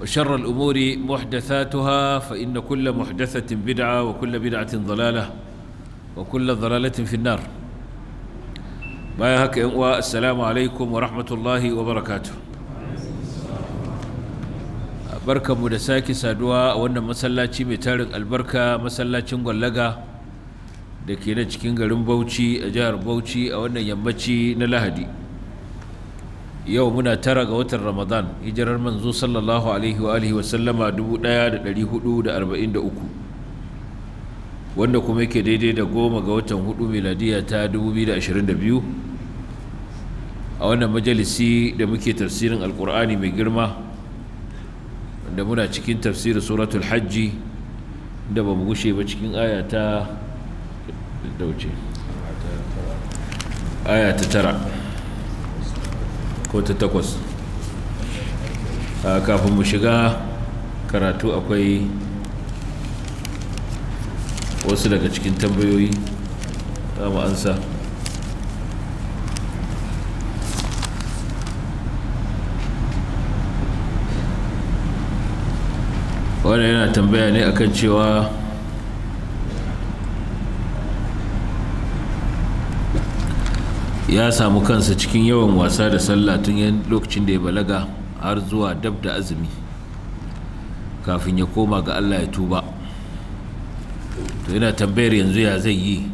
وشر الأمور محدثاتها فإن كل محدثة بدعة وكل بدعة ضلالة وكل ضلالة في النار بايهك السلام عليكم ورحمة الله وبركاته بركة مدساك سادوا وانا مسلاتي متارك البركة مسلاتي مغلقة da ke na cikin garin bauchi a jihar bauchi a wannan yammaci na lahadi yau muna tara ga watan ramadan hijirar manzo sallallahu alaihi wa alihi wasallama 1443 wanda kuma yake daidai da goma ga watan hudu miladiya ta 2022 a wannan majalisi da muke tafsirin alkur'ani mai girma da muna cikin tafsirin suratul hajji da ba mu gushe ba cikin aya ta dauce aya ta tara ko ta takwas ah, kafin mu shiga karatu akwai wasu daga cikin tambayoyi ta mu ansa wanda yana tambaya ne akan cewa ya samu kansa cikin yawan wasa da sallah tun lokacin da ya balaga har zuwa dab da azumi kafin ya koma ga Allah ya tuba to yana tambayar yanzu ya zai yi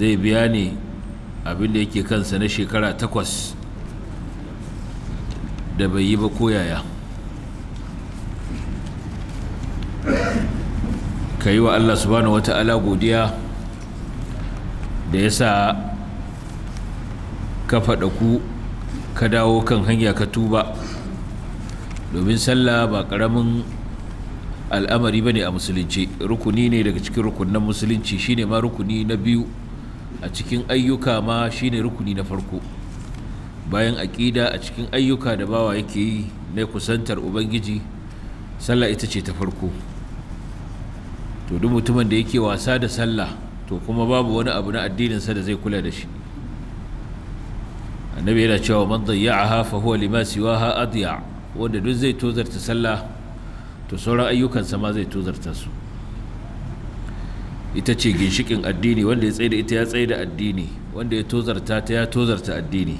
zai biya ne abin da yake kansa na shekara takwas da bai yi ba koyaya ka yi wa Allah subhanahu ala godiya da ya sa ka faɗa ku ka dawo kan hanya ka tuba domin sallah ba ƙaramin al'amari ba ne a musulunci rukuni ne daga cikin rukunin musulunci shine ma rukuni na biyu a cikin ayyuka ma shine rukuni na farko bayan aƙida a cikin ayyuka da bawa yake yi na kusantar ubangiji sallah ita ce ta farko to duk mutumin da yake wasa da sallah to kuma babu wani abu na addininsa da zai kula da shi annabi yana cewa man dayya'aha fa huwa lima siwaha adiya wanda duk zai tozarta sallah to sauran ayyukansa ma zai tozarta su ita ce ginshikin addini wanda ya da ita ya da addini wanda ya tozarta ta ya tozarta addini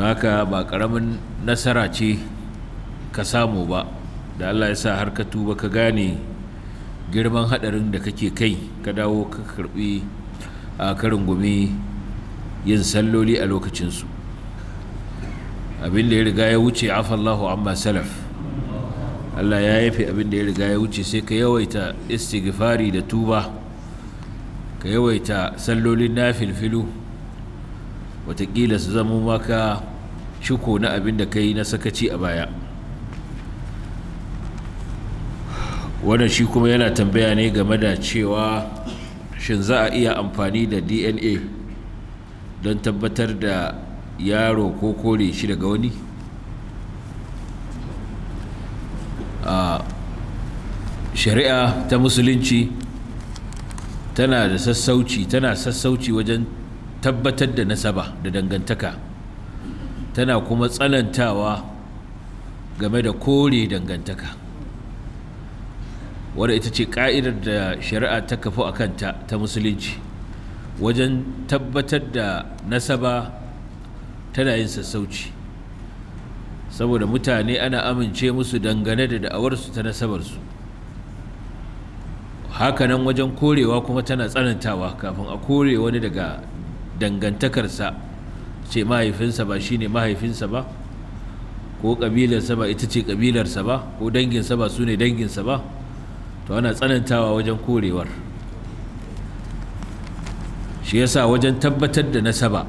don haka ba karamin nasara ce ka samu ba da Allah ya sa har ka tuba ka gane girman hadarin da kake kai ka dawo ka karbi a karin gumi yin salloli a lokacinsu abin da ya riga ya wuce afallahu amma salaf Allah ya yafe abinda ya riga ya wuce sai ka yawaita istighfari da tuba ka yawaita sallolin nafilfilu watakila su zama maka shuko na abinda da ka yi na sakaci a baya wannan shi kuma yana tambaya ne game da cewa shin za a iya amfani da dna don tabbatar da yaro ko kore shi daga wani shari'a ta musulunci tana da sassauci tana sassauci wajen tabbatar da nasaba da dangantaka tana kuma tsanantawa game da kore dangantaka wadda ita ce ka'idar da shari'a ta kafu a kanta ta musulunci wajen tabbatar da nasaba tana yin sassauci saboda mutane ana amince musu dangane da da'awarsu ta nasabarsu hakanan wajen korewa kuma tana tsanantawa kafin a kore wani daga dangantakarsa ce mahaifinsa ba shine mahaifinsa ba ko ƙabilarsa ba ita ce ƙabilarsa ba ko danginsa ba su ne danginsa ba to ana tsanantawa wajen korewar shi yasa wajen tabbatar da nasaba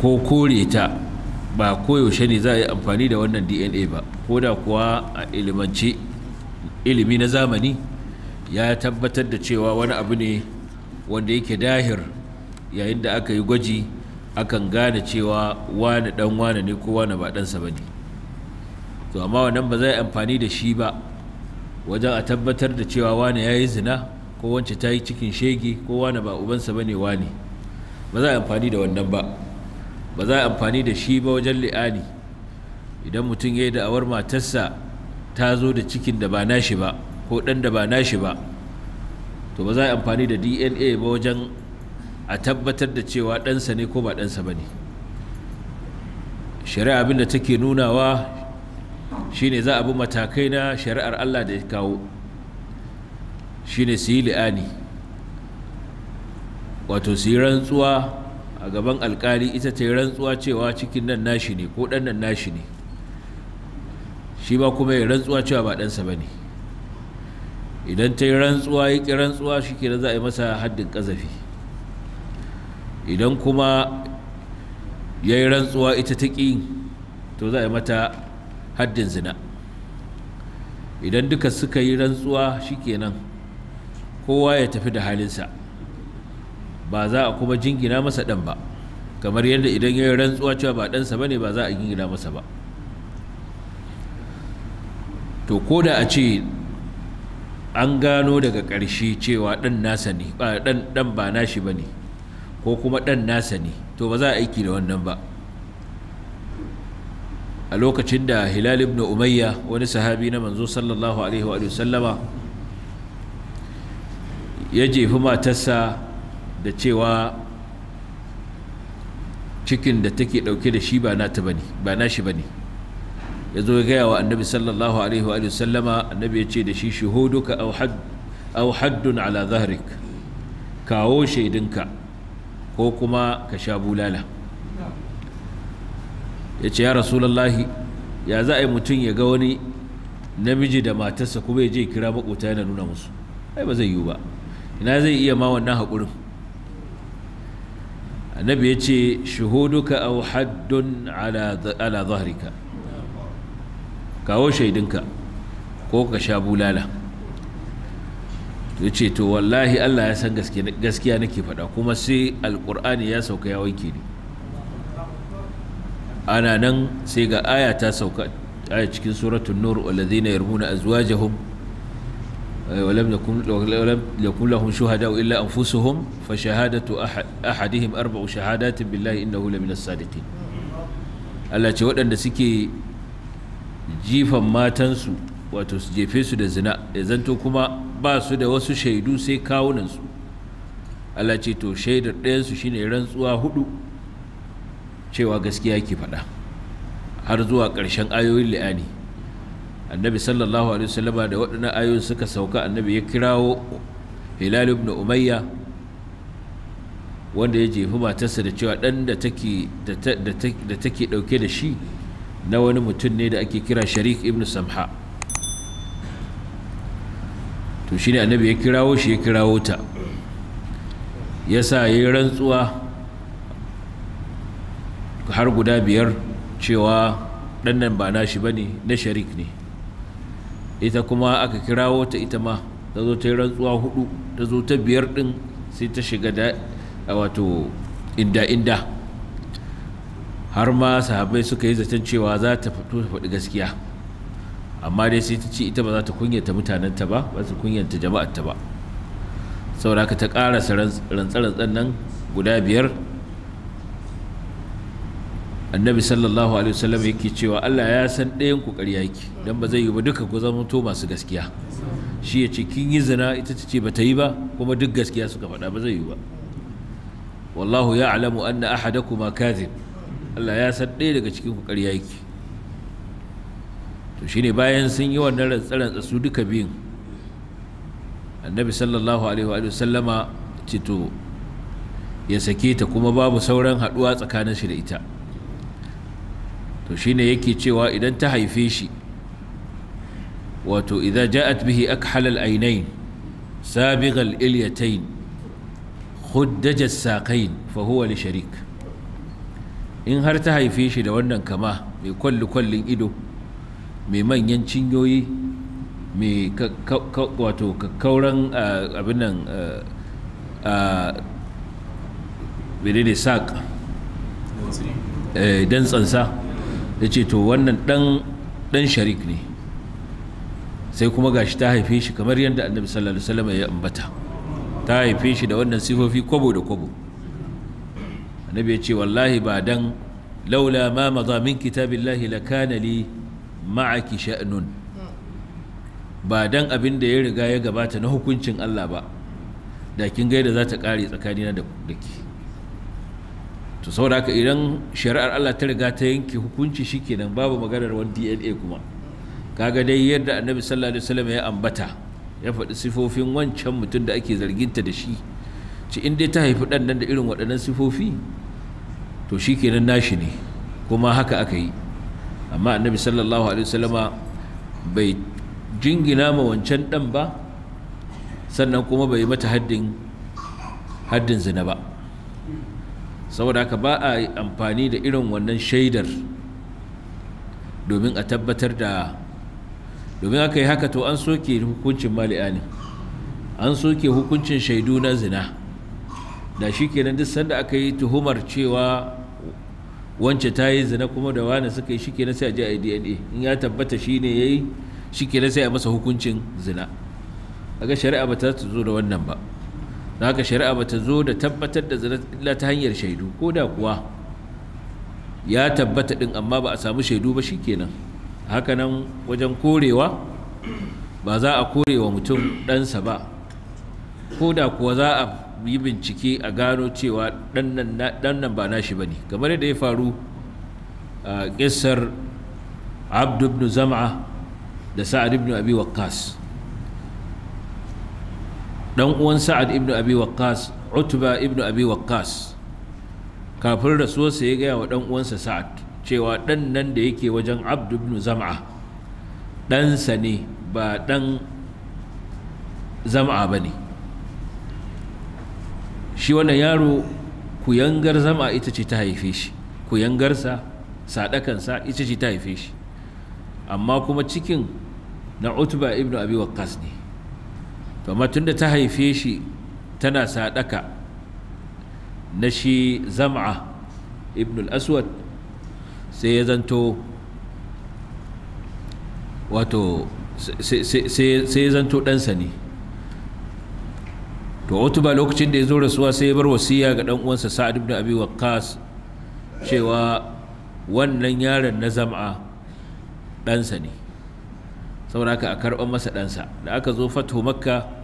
ko kore ta ba koyaushe ne za a yi amfani da wannan dna ba ko da kuwa a ilimance ilimi na zamani ya tabbatar da cewa wani abu ne wanda yake dahir yayin da aka yi gwaji akan gane cewa wani dan wani ne ko wani ba ɗansa ba ne to amma wannan ba za a yi amfani da shi ba wajen a tabbatar da cewa wani ya yi zina ko wance ta yi cikin shege ko wane ba ubansa bane ne ba za a amfani da wannan ba ba za a amfani da shi ba wajen li'ani idan mutum ya yi da'awar matarsa ta zo da cikin da ba nashi ba ko ɗan da ba nashi ba to ba za a amfani da dna ba wajen a tabbatar da cewa ɗansa ne ko ba ɗansa ba ne shari'a da take nunawa shine za a bi matakai na shari'ar Allah da ya kawo shine su yi li'ani wato su yi rantsuwa a gaban alkali ita ta yi rantsuwa cewa cikin nan nashi ne ko ɗan nan nashi ne shi ba kuma ya rantsuwa cewa ba ɗansa ba ne idan ta yi rantsuwa ya ƙi rantsuwa shi da za a yi masa haddin ƙazafi idan kuma ya yi rantsuwa ita ta ƙi to za a yi mata haddin zina idan duka suka yi rantsuwa shi nan. kowa ya tafi da halinsa ba za a kuma jingina masa ɗan ba kamar yadda idan ya yi rantsuwa cewa ba ɗansa ba ne ba za a jingina masa ba to ko da a ce an gano daga ƙarshe cewa ɗan nasa ne ɗan ba nashi ba ne ko kuma ɗan nasa ne to ba za a aiki da wannan ba a lokacin da hilal ibn umayya wani sahabi na manzo sallallahu alaihi wa sallama ya jefi matarsa da cewa cikin da take ɗauke da shi ba nata bane ba nashi bane ya zo gaya wa annabi sallallahu alaihi wa sallama annabi ya ce da shi shuhuduka aw haddun ala zahrik kawo shaidinka ko kuma ka sha bulala ya ce ya rasulallahi ya za a yi mutum ya ga wani namiji da matarsa kuma ya je kira maƙota yana nuna musu ai ba zai yiwu ba ina zai iya ma wannan haƙurin annabi ya ce shuhuduka au haddun ala zahrika kawo shaidinka ko ka sha bulala ya ce to wallahi allah ya san gaskiya nake faɗa kuma sai alƙur'ani ya sauka ya wanke ni ana nan sai ga aya ta sauka aya cikin suratun nur na yarmuna azwajahum ولم يكن ولم يكن لهم شهداء الا انفسهم فشهاده احدهم اربع شهادات بالله انه لمن الصادقين Allah ce waɗanda suke jifan matansu wato su jefe su da zina ya zanto kuma ba su da wasu shaidu sai kawunansu Allah ce to shaidar ɗayansu shine rantsuwa hudu cewa gaskiya ke faɗa har zuwa ƙarshen ayoyin li'ani annabi sallallahu alaihi wasallama da waɗannan ayoyin suka sauka annabi ya kirawo hilal ibn umayya wanda ya jefi matarsa da cewa ɗan da take ɗauke da shi na wani mutum ne da ake kira sharik ibn samha to shi ne annabi ya kirawo shi ya kirawo ta ya sa ya yi rantsuwa har guda biyar cewa ɗannan ba shi ba ne na sharik ne ita kuma aka kirawo ta ita ma ta zo ta yi rantsuwa hudu ta zo ta biyar din sai ta shiga da wato inda-inda har ma sahabai suka yi zaton cewa za ta fito ta faɗi gaskiya amma dai sai ta ce ita ba za ta kunyata mutanenta ba ba ta kunyata ta ba saboda ka ta ƙarasa sa nan guda biyar annabi sallallahu alaihi wasallam yake cewa Allah ya san ɗayan ku ƙarya yake dan ba zai yi ba duka ku zama to masu gaskiya shi ya ce kin yi zina ita ta ce bata yi ba kuma duk gaskiya suka faɗa ba zai yi ba wallahu ya'lamu anna ahadakum kadhib Allah ya san ɗaya daga cikin ku ƙarya yake to shine bayan sun yi wannan rantsaran su duka biyun annabi sallallahu alaihi wa sallama ce to ya sake ta kuma babu sauran haɗuwa tsakanin shi da ita to shine yake cewa idan ta haife shi wato idan ja'at bihi aka halal aynayn sabigal al-ilyatayn khuddaj fa huwa li sharik in har ta haife shi da wannan kama mai kwalli kwallin ido mai manyan cinyoyi mai wato kakkauran abin nan menene saƙ eh, ya ce to wannan ɗan sharik ne sai kuma gashi ta haife shi kamar yadda annabi sallallahu alaihi wasallam ya ambata ta haife shi da wannan sifofi kwabo da kwabo annabi ya ce wallahi ba dan laula ma maza min kitabillahi kana li ma'aki sha'nun ba dan abin da ya riga ya gabata na hukuncin Allah ba da kin gaida za ta kare tsakanina da ke to saboda haka idan shari'ar Allah ta riga ta yanke hukunci shikenan babu maganar wani DNA kuma kaga dai yadda Annabi sallallahu alaihi wasallam ya ambata ya faɗi sifofin wancan mutum da ake zarginta da shi ci in dai ta haifi ɗan nan da irin waɗannan sifofi to shikenan nashi ne kuma haka aka yi amma Annabi sallallahu alaihi wasallama bai jingina ma wancan ɗan ba sannan kuma bai mata haddin haddin zina ba saboda haka ba a amfani da irin wannan shaidar domin a tabbatar da domin aka yi haka to an soke hukuncin mali'a ne an soke hukuncin shaidu na zina da shi kenan duk sanda aka yi tuhumar cewa wance ta yi zina kuma da wani suka yi shi kenan sai a ji a dna in ya tabbata shi ne ya yi shi kenan sai a masa hukuncin zina a ga shari'a ba ta zo da wannan ba da haka shari'a ba ta zo da tabbatar da zina illa ta hanyar shaidu ko da kuwa ya tabbata din amma ba a samu shaidu ba shikenan haka nan wajen korewa ba za a korewa mutum ɗansa ba ko da kuwa za a yi bincike a gano cewa ɗan nan ba nashi ba ne kamar yadda ya faru a ƙisar abdu ibn zama da sa'ad ibn abi waqqas dan uwan sa'ad ibnu abi waqqas utba ibnu abi waqqas kafin rasuwarsa ya gaya wa dan uwansa sa'ad cewa dan nan da yake wajen abd ibn zam'a ɗansa ne ba dan zam'a ba ne shi wannan yaro kuyangar zam'a ita ce ta haife shi kuyangarsa sadakansa ita ce ta haife shi amma kuma cikin na utba ibnu abi waqqas ne amma da ta haife shi tana sadaka na shi zam'a ibn aswad sai ya zanto wato sai ya zanto ɗansa ne to wata ba lokacin da ya zo rasuwa sai ya bar wasiya ga ɗan uwansa sa'ad ibn abi waqqas cewa wannan yaron na zam'a ɗansa ne saboda haka a karɓar masa ɗansa da aka zo fatu makka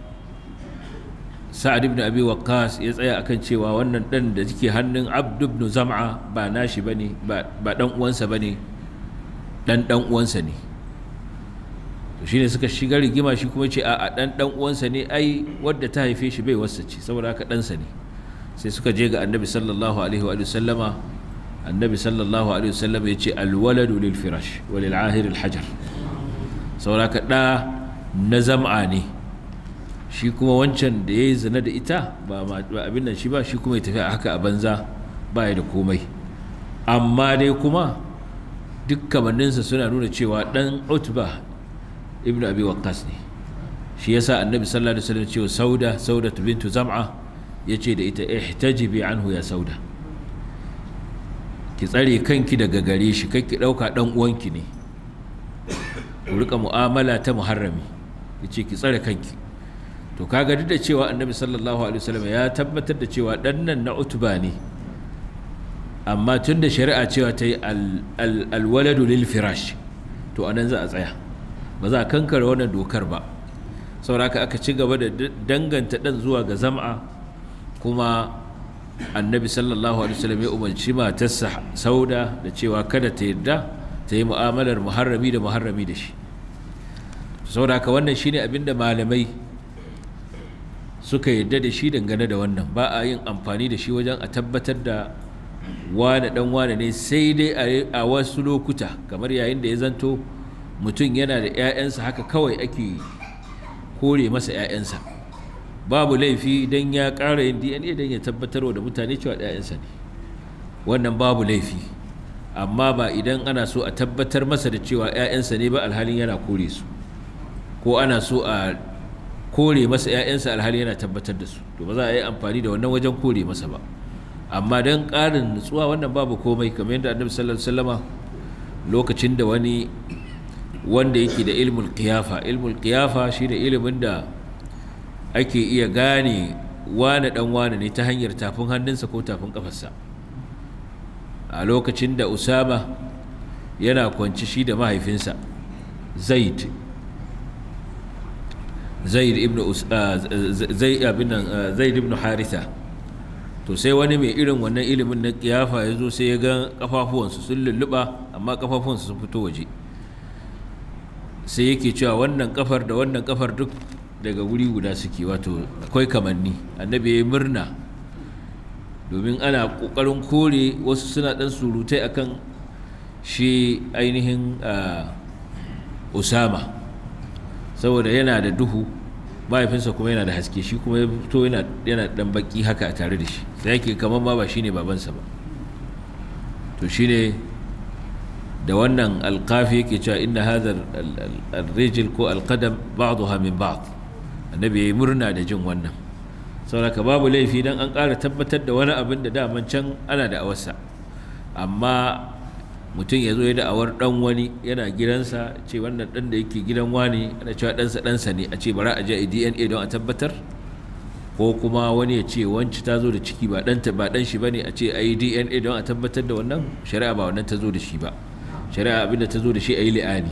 sa'ad ibn abi waqqas ya tsaya akan cewa wannan dan da yake hannun abd ibn zam'a ba nashi bane ba ba dan uwansa bane dan dan uwansa ne to shine suka shiga rigima shi kuma ce a dan dan uwansa ne ai wadda ta haife shi bai wasa ce saboda haka dan sa ne sai suka je ga annabi sallallahu alaihi wa sallama annabi sallallahu alaihi wa sallama yace al waladu lil firash wa lil ahir al hajar saboda haka da na zam'a ne shi kuma wancan da ya yi zina da ita ba abin nan shi ba shi kuma ya tafi haka a banza ba ya da komai amma dai kuma duk kamanninsa suna nuna cewa ɗan utba ibn abi waqqas ne shi yasa annabi sallallahu alaihi wasallam cewa sauda sauda bintu zam'a yace da ita ihtajibi anhu ya sauda ki tsare kanki daga gare shi kai ki dauka dan uwanki ne ku rika mu'amala ta muharrami yace ki tsare kanki to kaga duk da cewa annabi sallallahu alaihi wasallam ya tabbatar da cewa dan nan na utba ne amma tun da shari'a cewa ta yi alwaladu lil firash to anan za a tsaya ba za a kankare wannan dokar ba sauraka aka ci gaba da danganta dan zuwa ga zam'a kuma annabi sallallahu alaihi wasallam ya umarci matarsa sauda da cewa kada ta yarda ta yi mu'amalar muharrami da muharrami da shi saboda haka wannan shine abinda malamai suka yarda da shi dangane da wannan ba a yin amfani da shi wajen a tabbatar da wane dan wane ne sai dai a wasu lokuta kamar yayin da ya zanto mutum yana da 'ya'yansa haka kawai ake kore masa 'ya'yansa babu laifi don ya ƙara yin dna don ya tabbatar da mutane cewa 'ya'yansa ne wannan babu laifi amma ba idan ana so a tabbatar masa da cewa 'ya'yansa ne ba alhalin yana kore su ko ana so a kore masa ‘ya'yansa alhali yana tabbatar da su to ba za a yi amfani da wannan wajen kore masa ba amma don ƙarin nutsuwa wannan babu komai kamar yadda annabi sallallahu alaihi wasallama lokacin da wani wanda yake da ilmul qiyafa ilmul qiyafa shine ilimin da ake iya gane wane dan wane ne ta hanyar tafin hannunsa ko tafin kafarsa a lokacin da usama yana kwanci shi da mahaifinsa zaid zaid ibn uh, zaid uh, haritha to sai wani mai irin wannan ilimin na kiyafa ya zo sai ya ga kafafuwansu sun lulluɓa amma kafafuwansu sun fito waje sai yake cewa wannan kafar da wannan kafar duk daga wuri guda suke wato akwai kamanni annabi ya yi murna domin ana kokarin kore wasu suna dan surutai akan shi ainihin uh, usama saboda yana da duhu mahaifinsa kuma yana da haske shi kuma ya fito yana dan baki haka a tare da shi da yake kamar ma ba shine babansa ba to shine da wannan alkafi yake cewa inna hadha ar-rijl ko al-qadam ba'daha min ba'd annabi yayi murna da jin wannan saboda babu laifi dan an ƙara tabbatar da wani abin da daman can ana da awarsa amma mutum ya zo ya da'awar dan wani yana gidansa ce wannan dan da yake gidan wani ana cewa dansa dansa ne a ce bara a je a dna don a tabbatar ko kuma wani ya ce wanci ta zo da ciki ba ɗanta ba dan shi bane a ce a yi dna don a tabbatar da wannan shari'a ba wannan ta zo da shi ba shari'a abinda ta zo da shi a yi li'ani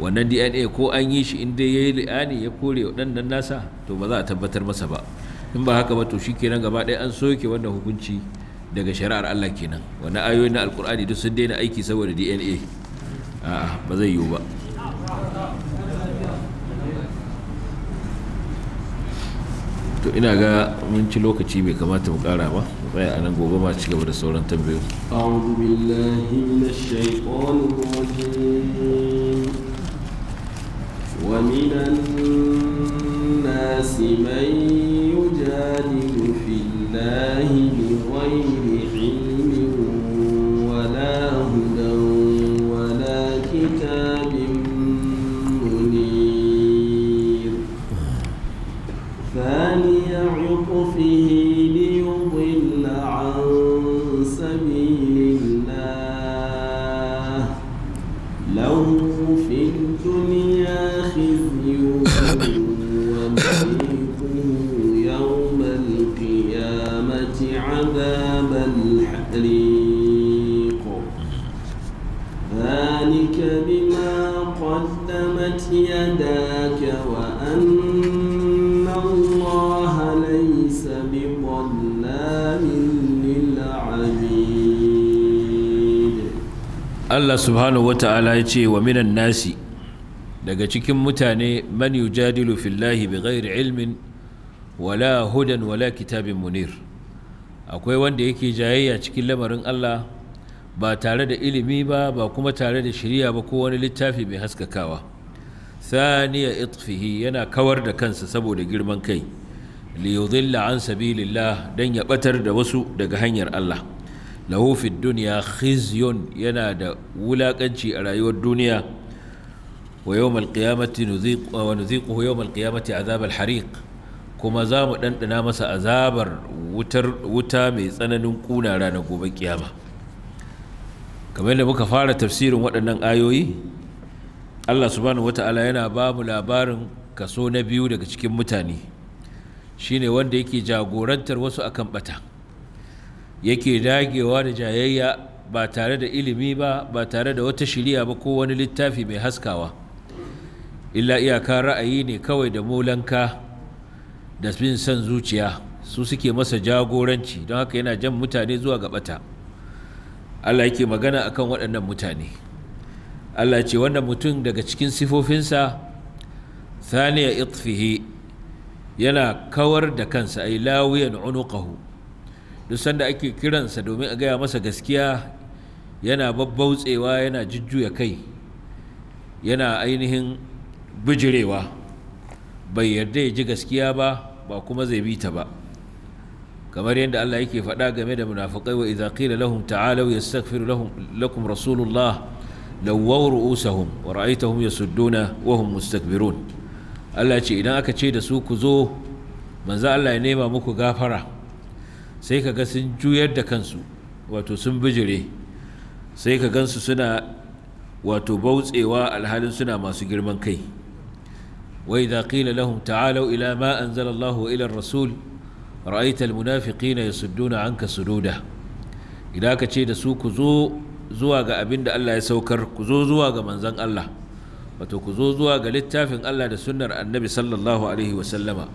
wannan dna ko an yi shi in dai ya yi li'ani ya kore wa ɗan nasa to ba za a tabbatar masa ba in ba haka ba to shi kenan gaba ɗaya an soke wannan hukunci daga shari'ar Allah kenan wani ayoyin na alkur'ani duk sun daina aiki saboda dna a ba zai yiwu ba to ina ga mun ci lokaci mai kamata mu kara ba tsaya a nan gobe ma ci gaba da sauran tambayoyi a'udhu billahi minash shaitanir rajim wa minan fillahi Allah subhanahu wata'ala ya ce wa minan nasi daga cikin mutane man yujadilu fillahi bighairi ilmin wala hudan wala kitabin munir akwai wanda yake jayayya cikin lamarin Allah ba tare da ilimi ba ba kuma tare da shirya ba ko wani littafi mai haskakawa thaniya itfihi yana kawar da kansa saboda girman kai li yudilla an sabilillah dan ya batar da wasu daga hanyar Allah lahu fid dunya khizyun yana da wulakanci a rayuwar duniya wa yawmal qiyamati nuziqu wa nuziquhu azab kuma za mu dandana masa azabar wutar wuta mai tsananin kuna ranar gobe kiyama kamar da muka fara tafsirin waɗannan ayoyi Allah subhanahu wata'ala yana ba mu labarin kaso na biyu daga cikin mutane shine wanda yake jagorantar wasu akan bata yake dagewa da jayayya ba tare da ilimi ba ba tare da wata shiriya ba ko wani littafi mai haskawa illa iyaka ra'ayi ne kawai da molanka da bin son zuciya su suke masa jagoranci don haka yana jan mutane zuwa ga bata Allah yake magana akan waɗannan mutane Allah ce wannan mutum daga cikin sifofinsa thaniya itfihi yana kawar da kansa ay lawiyan unuqahu duk sanda ake kiransa domin a gaya masa gaskiya yana babbautsewa yana jujjuya kai yana ainihin bijirewa bai yarda ya ji gaskiya ba ba kuma zai bi ta ba kamar yadda Allah yake faɗa game da munafiqai wa idza qila lahum ta'alu yastaghfir lahum lakum rasulullah lawaw ru'usahum wa ra'aytahum yasudduna wa hum mustakbirun Allah ce idan aka ce da su ku zo manzo Allah ya nema muku gafara sai ka ga sun juyar da kansu wato sun bijire sai ka gansu suna wato bautsewa alhalin suna masu girman kai wai idza qila lahum ta'alu ila ma an Allah wa ila rasul ra'aita al ya sudduna anka sududa idan ka ce da su ku zo zuwa ga abin da Allah ya saukar ku zo zuwa ga manzon Allah wato ku zo zuwa ga littafin Allah da sunnar annabi sallallahu alaihi wasallama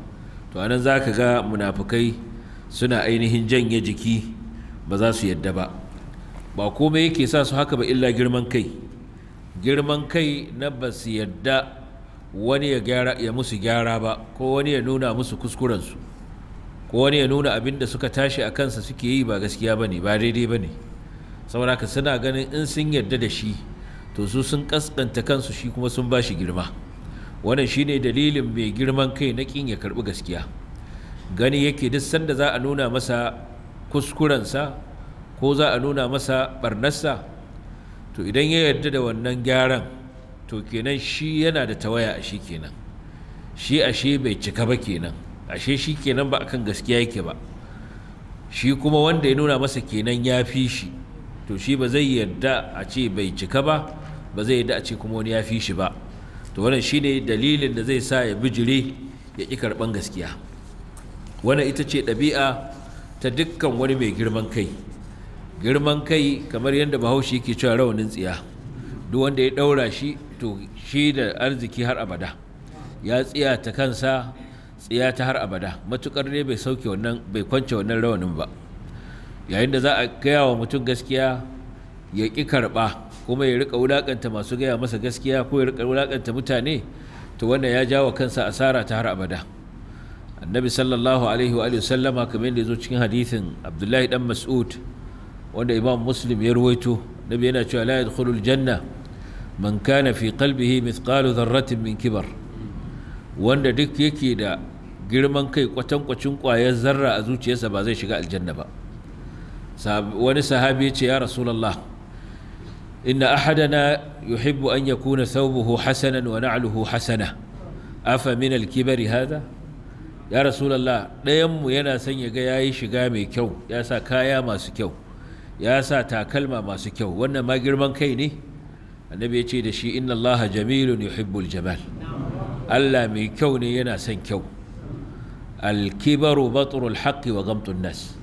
to anan zaka ga munafikai suna ainihin janye jiki ba za su yadda ba ba komai yake sa su haka ba illa girman kai girman kai na ba su yadda wani ya gyara ya musu gyara ba ko wani ya nuna musu kuskurensu ko wani ya nuna abin da suka tashi a kansa suke yi ba gaskiya ba ne ba daidai ba ne saboda haka suna ganin in sun yadda da shi to su sun kaskanta kansu shi kuma sun ba shi girma wannan shine dalilin mai girman kai na kin ya karbi gaskiya gani yake duk sanda za a nuna masa kuskurensa ko za a nuna masa barnarsa to idan ya yarda da wannan gyaran to kenan shi yana da tawaya a shi kenan shi ashe bai cika ba kenan ashe shi kenan ba akan gaskiya yake ba shi kuma wanda ya nuna masa kenan ya fi shi to shi ba zai yarda a ce bai cika ba ba zai yarda a ce kuma wani ya fi shi ba to wannan shi ne dalilin da zai sa ya bijire ya ki karɓan gaskiya wannan ita ce ɗabi'a ta dukkan wani mai girman kai girman kai kamar yadda bahaushe ke cewa rawanin tsiya duk wanda ya ɗaura shi to shi da arziki har abada ya tsiya ta kansa tsiya ta har abada matukar ne bai sauke wannan bai kwance wannan rawanin ba yayin da za a gaya wa mutum gaskiya ya ƙi karɓa kuma ya rika wulaƙanta masu gaya masa gaskiya ko ya rika wulaƙanta mutane to wannan ya jawo kansa asara ta har abada annabi sallallahu alaihi wa sallama kamar yadda ya zo cikin hadithin abdullahi dan mas'ud wanda imam muslim ya ruwaito nabi yana cewa la yadkhulul janna man kana fi qalbihi mithqalu dharratin min kibar wanda duk yake da girman kai kwatankwacin kwayar zarra a zuciyarsa ba zai shiga aljanna ba wani sahabi ya ce ya rasulallah inna ahadana yuhibbu an yakuna thawbuhu hasanan wa na'luhu hasana afa min al-kibari ya rasulallah ɗayanmu yana son ya ga ya yi shiga mai kyau ya sa kaya masu kyau ya sa takalma masu kyau wannan ma girman kai ne annabi ya ce da shi inna allaha jamilun yuhibbul jamal allah mai kyau ne yana son kyau alkibaru batrul haqqi wa gamtun nas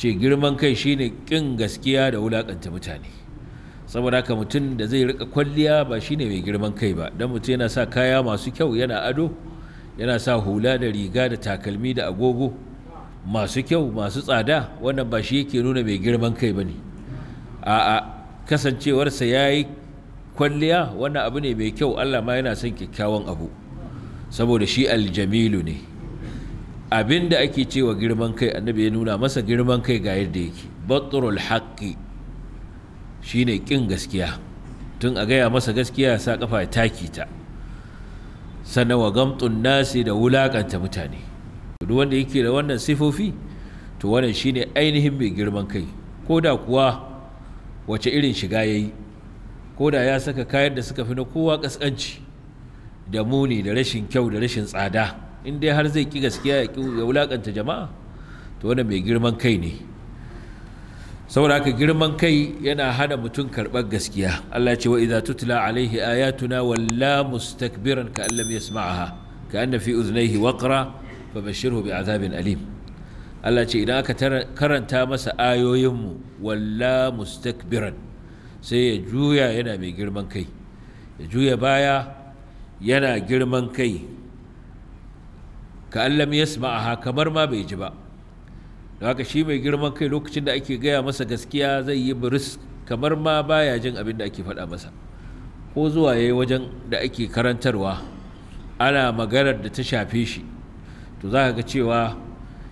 ce girman kai shine kin gaskiya da wulakanta mutane saboda haka mutum da zai rika kwalliya ba shine mai girman kai ba dan mutum yana sa kaya masu kyau yana ado yana sa hula da riga da takalmi da agogo masu kyau masu tsada wannan ba shi yake nuna mai girman kai ba ne a kasancewarsa ya yi kwalliya wannan abu ne mai kyau allah ma yana son kyakkyawan abu saboda shi aljamilu ne abin da ake cewa girman kai annabi ya nuna masa girman kai ga yadda yake batrul haqqi shine kin gaskiya tun a gaya masa gaskiya ya sa kafa ya taki ta sannan wa gamtun nasi da wulaƙanta mutane duk wanda yake da wannan sifofi to wannan shine ainihin mai girman kai ko da kuwa wace irin shiga yayi ko da ya saka kayan da suka fi na kowa kaskanci da muni da rashin kyau da rashin tsada in dai har zai ki gaskiya ya wulaƙanta jama'a to wannan mai girman kai ne saboda haka girman kai yana hana mutum karɓar gaskiya Allah ce wa idza tutla alaihi ayatuna walla mustakbiran ka allam yasma'aha ka anna fi udhnayhi waqra fabashshirhu azabin alim Allah ce idan aka karanta masa ayoyinmu walla mustakbiran sai ya juya yana mai girman kai ya juya baya yana girman kai ka allam yasma'aha kamar ma bai ji ba haka shi mai girman kai lokacin da ake gaya masa gaskiya zai yi buris kamar ma baya jin abin da ake faɗa masa ko zuwa yayi wajen da ake karantarwa ana maganar da ta shafe shi to za ka ga cewa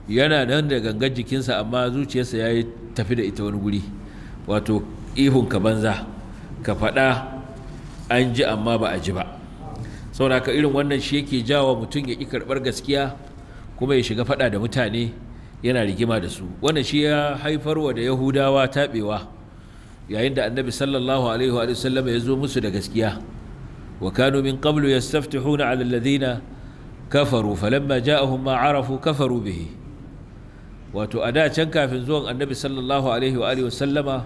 yana nan da gangan jikinsa amma zuciyarsa ya yi tafi da ita wani guri wato ihun ka banza ka faɗa an ji amma ba a ji ba saboda irin wannan shi yake jawo mutum ya ƙi karɓar gaskiya kuma ya shiga faɗa da mutane yana rigima da su wannan shi ya haifar wa da yahudawa taɓewa yayin da annabi sallallahu alaihi wa sallam ya zo musu da gaskiya wa kanu min qablu yastaftihuna ala alladhina kafaru falamma ja'ahum ma arafu kafaru bihi wato a da can kafin zuwan annabi sallallahu alaihi wa sallama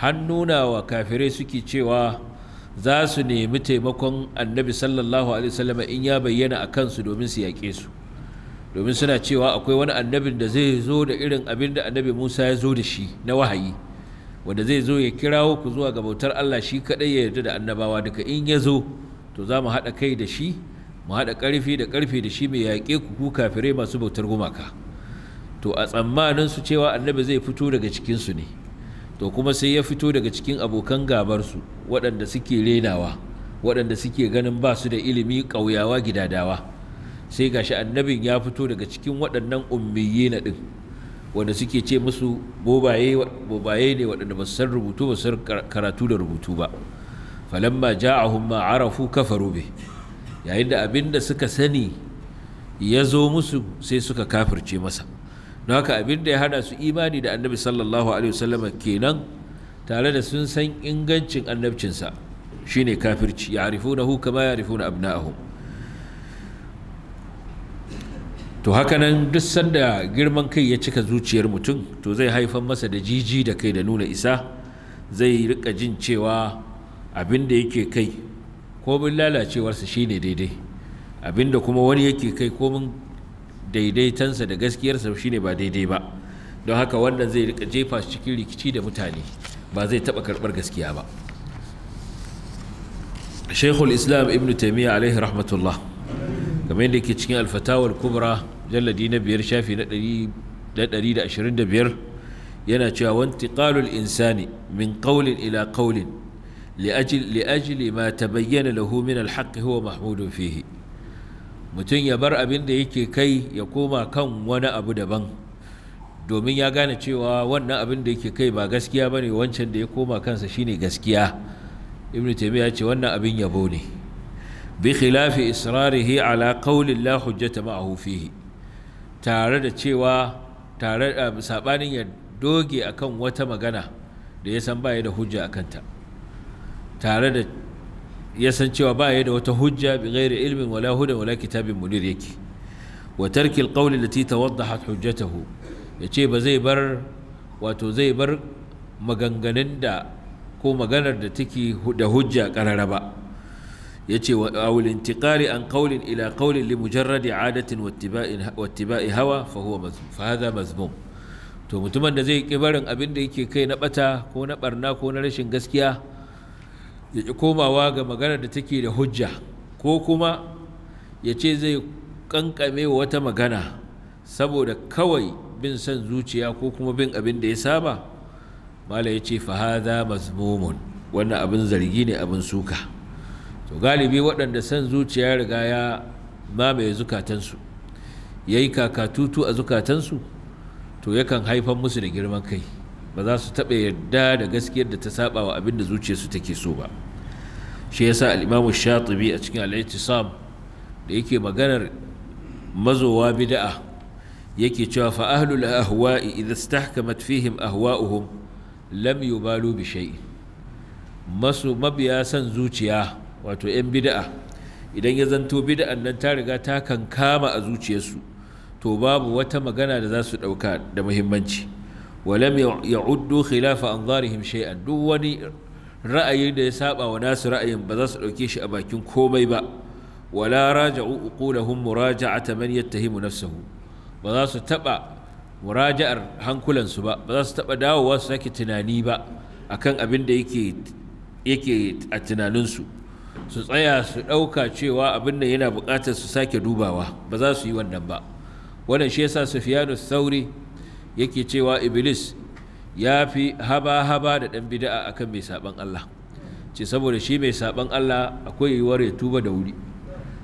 hannuna wa kafirai suke cewa za su nemi taimakon annabi sallallahu alaihi wa sallama in ya bayyana a kansu domin su yaƙe su domin suna cewa akwai wani annabin da zai zo da irin abin da annabi Musa ya zo da shi na wahayi wanda zai zo ya kirawo ku zuwa ga bautar Allah shi kadai ya yarda da annabawa duka in ya zo to za mu haɗa kai da shi mu haɗa ƙarfi da ƙarfi da shi mai yaƙe ku ku kafirai masu bautar gumaka to a tsammanin su cewa annabi zai fito daga cikin su ne to kuma sai ya fito daga cikin abokan gabarsu waɗanda suke renawa waɗanda suke ganin ba su da ilimi ƙauyawa gidadawa sai gashi annabin ya fito daga cikin waɗannan ummiyina din wanda suke ce musu bobaye ne waɗanda ba san rubutu ba san karatu da rubutu ba falamma ja'ahum ma arafu kafaru bi yayin da abinda suka sani ya zo musu sai suka kafirce masa don haka abinda ya hada su imani da annabi sallallahu alaihi wasallam kenan tare da sun san ingancin annabcinsa shine kafirci ya'rifunahu kama ya'rifuna abna'ahum to haka nan duk sanda girman kai ya cika zuciyar mutum to zai haifar masa da jiji da kai da nuna isa zai rika jin cewa abin da yake kai komin lalacewarsa shine daidai abin da kuma wani yake kai komin daidaitansa da gaskiyarsa shine ba daidai ba don haka wannan zai rika jefa shi cikin rikici da mutane ba zai taɓa karɓar gaskiya ba shaikhul islam ibn taimiyya alaihi rahmatullah kamar yadda yake cikin alfatawar kubra jalladi na biyar shafi na biyar yana cewa wantiqalul insani min qawlin ila qawlin li'ajili li'ajli ma ta lahu min alhaqqi huwa mahmudun fihi mutum ya bar abin da yake kai ya koma kan wani abu daban domin ya gane cewa wannan abin da yake kai ba gaskiya bane wancan da ya koma kansa shine gaskiya ibn taymiya ya ce wannan abin yabo ne bi khilafi israrihi ala qawlin la hujjata ma'ahu fihi tare da cewa tare da sabanin ya doge akan wata magana da ya san baya da hujja akan ta tare da ya cewa baya da wata hujja bi ghairi ilmin wala hudan wala kitabin munir yake wa tarki alqawli yace ba bar wato zai bar maganganun da ko maganar da take da hujja karara ba yace wa awul intiqali an qawlin ila qawlin li mujarradi adatin wattiba'i hawa fa huwa mazmum fa hadha mazmum to mutumin da zai ki barin abin da yake kai na bata ko na barna ko na rashin gaskiya ya ki komawa ga maganar da take da hujja ko kuma yace zai kankame wata magana saboda kawai bin son zuciya ko kuma bin abin da ya saba mala yace ce fa hadha mazmumun wannan abin zargi ne abin suka to galibi waɗanda son zuciya riga ya mamaye zukatansu ya yi kakatutu a zukatansu to yakan haifan musu da girman kai ba za su taɓa yarda da gaskiyar da ta saba wa abin da zuciyarsu take so ba shi yasa al-imamu shatibi a cikin al da yake maganar mazowa bida'a yake cewa fa ahlul ahwa'i idza istahkamat fihim ahwa'uhum lam yubalu bi shay'in masu mabiya san zuciya wato 'yan bida'a idan ya zanto bida'an nan ta riga ta kan kama a zuciyarsu to babu wata magana da za su ɗauka da muhimmanci walam ya'uddu khilafa anzarihim shay'an duk wani ra'ayi da ya saba wa nasu ra'ayin ba za su ɗauke shi a bakin komai ba wala raja'u uqulahum muraja'ata man yattahimu nafsahu ba za su taba muraja'ar hankulansu ba ba za su taba dawowa su sake tunani ba akan abin da yake yake a tunaninsu su tsaya su ɗauka cewa abin da yana buƙatar su sake dubawa ba za su yi wannan ba wannan shi yasa sufiyanu sauri yake cewa iblis ya fi haba-haba da ɗan bida'a akan mai saban Allah ce saboda shi mai saban Allah akwai yiwuwar ya tuba da wuri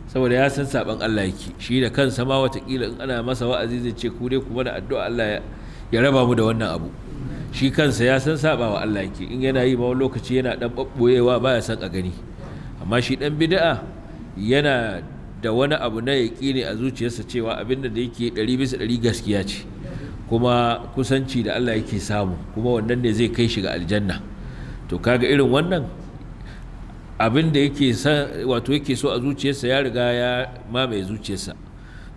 saboda ya san saban Allah yake shi da kansa ma watakila in ana masa wa'azi zai ce ku dai kuma da addu'a Allah ya raba mu da wannan abu shi kansa ya san wa Allah yake in yana yi ma wani lokaci yana ɗan ɓaɓɓoyewa baya san a gani amma shi ɗan bida'a yana da wani abu na ne a zuciyarsa cewa abin da yake ɗari bisa ɗari gaskiya ce kuma kusanci da Allah yake samu kuma wannan ne zai kai shi ga aljanna to kaga irin wannan abin da yake wato yake so a zuciyarsa ya riga ya mamaye zuciyarsa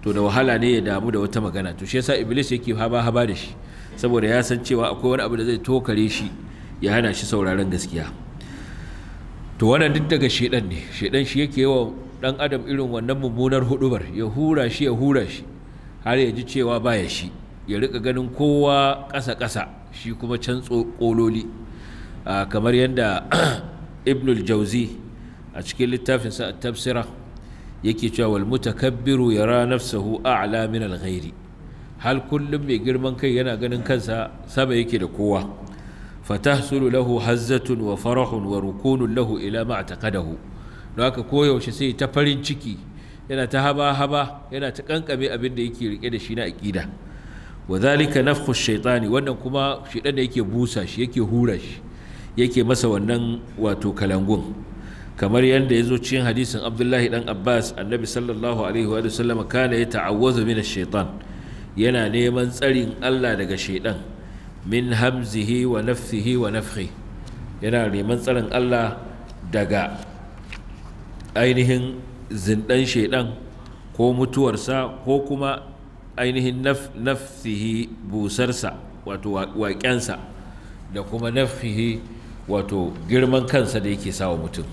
to da wahala ne ya damu da wata magana to shi yasa iblis yake haba haba da shi saboda ya san cewa akwai wani abu da zai tokare shi ya hana shi sauraron gaskiya to wannan duk daga shedan ne shedan shi yake yawan dan adam irin wannan mummunar hudubar ya hura shi ya hura shi har ya ji cewa baya shi ya rika ganin kowa ƙasa ƙasa shi kuma can tsokololi ah, kamar yadda ibnul jauzi a cikin littafin sa tafsira yake cewa wal mutakabbiru yara nafsahu a'la min al-ghairi hal kullum mai girman kai yana ganin kansa sama yake da kowa fatahsulu lahu hazzatun wa farahun wa rukunun lahu ila ma taqadahu don haka koyaushe sai ta farin ciki yana ta haba haba yana ta kankame abin da yake rike da shi na aqida wa zalika nafkhu shaytani wannan kuma shaytan da yake busa shi yake hura shi yake masa wannan wato kalangun kamar yadda ya zo cikin hadisin abdullahi dan abbas annabi sallallahu kana ya ta'awwazu min ash yana neman tsarin Allah daga shaytan min hamzihi wa nafsihi wa nafhi yana neman tsarin Allah daga ainihin zindan shaidan ko mutuwarsa ko kuma ainihin nafsihi busarsa wato waƙensa da kuma nafhihi wato girman kansa da yake sawa mutum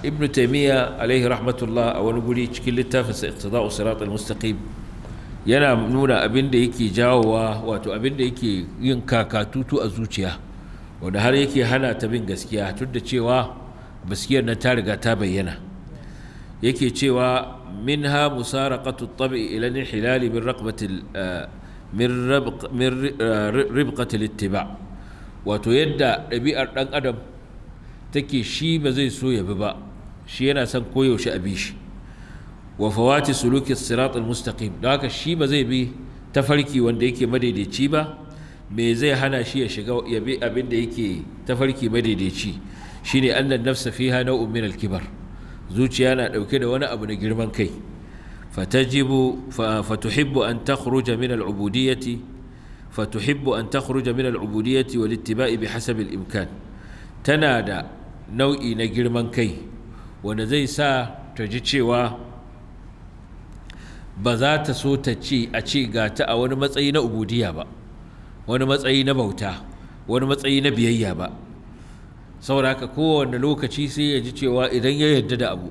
ibn taimiyya alaihi rahmatullah a wani guri cikin littafinsa iqtida'u siratul al-mustaqim yana nuna abin da yake jawowa wato abin da yake yin kakatutu a zuciya wanda har yake hana ta bin gaskiya tun da cewa gaskiyar nan ta riga ta bayyana yake cewa minha ha tabi ila al-hilal min ah, min ah, ribqati ittiba wato yadda ɗabi'ar ɗan adam take shi ba zai so ya bi ba shi yana son koyaushe a bi shi wa fawati suluki sirat al-mustaqim haka shi ba zai bi tafarki wanda yake madaidaici ba me zai hana shi ya shiga ya bi abinda yake tafarki madaidaici shine annan nafsa fiha nau'un min al zuciya na dauke da wani abu na girman kai fatajibu fatuhibbu an takhruja min al-ubudiyyati فتحب أن تخرج من tana da nau'i na girman kai. نجر zai sa ta ji cewa. ba za ta so ta ce a ce ga ta a wani matsayi na ubudiya ba wani matsayi na bauta wani matsayi na biyayya ba saura haka kowane lokaci sai ya ji cewa idan ya yarda da abu